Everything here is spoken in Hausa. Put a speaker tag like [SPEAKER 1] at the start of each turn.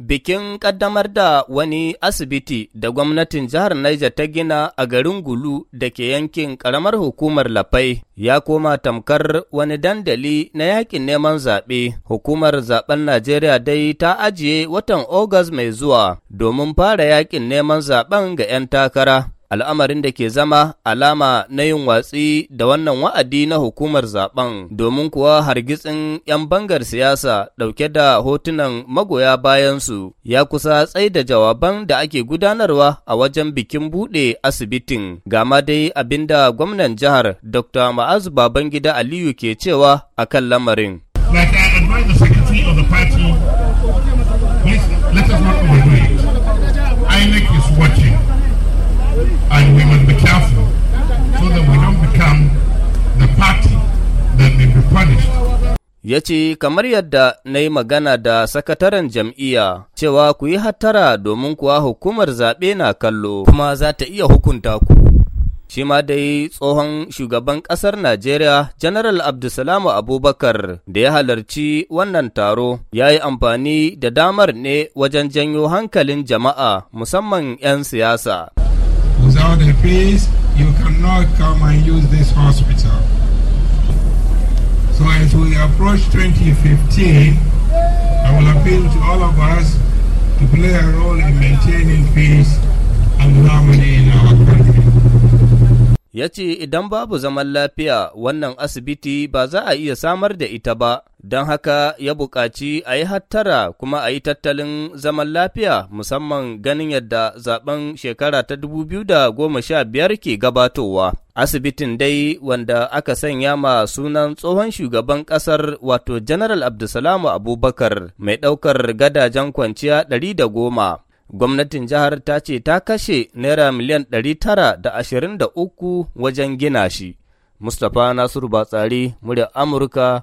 [SPEAKER 1] Bikin ƙaddamar da wani asibiti da gwamnatin jihar Niger ta gina a garin Gulu da ke yankin ƙaramar hukumar Lafai ya koma tamkar wani dandali na yakin neman zaɓe. Hukumar zaɓen Najeriya dai ta ajiye watan Ogas mai zuwa domin fara yakin neman zaɓen ga 'yan takara. al'amarin da ke zama alama na yin watsi da wannan wa'adi na hukumar zaben domin kuwa hargitsin 'yan bangar siyasa ɗauke da hotunan magoya bayansu ya kusa tsai da jawaban da ake gudanarwa a wajen bikin buɗe asibitin gama dai abin da gwamnan jihar dr ma'azu babangida aliyu ke cewa a kan lamarin Like ya ce kamar yadda na yi magana da sakataren jam'iyya cewa ku yi hattara domin kuwa hukumar zaɓe na kallo kuma za ta iya hukunta ku. Shi ma dai tsohon shugaban ƙasar Najeriya, General Abdulsalamu Abubakar da ya halarci wannan taro ya yi amfani da damar ne wajen janyo hankalin jama'a musamman 'yan siyasa. Without a place, you cannot come and use this hospital. as we approach 2015, I will appeal to all of us to play a role in maintaining peace and harmony in our country. Ya ce idan babu zaman lafiya wannan asibiti ba za a iya samar da ita ba. don haka ya buƙaci a yi hattara kuma a yi tattalin zaman lafiya musamman ganin yadda zaben shekara ta da goma sha biyar ke gabatowa. Asibitin dai wanda aka sanya ma sunan tsohon shugaban ƙasar wato General Abdulsalamu Abubakar mai ɗaukar gadajen kwanciya ɗari da goma. Gwamnatin jihar ta ce ta kashe Naira miliyan ɗari tara da ashirin da uku wajen gina shi. Mustapha Nasiru Batsari, murya Amurka,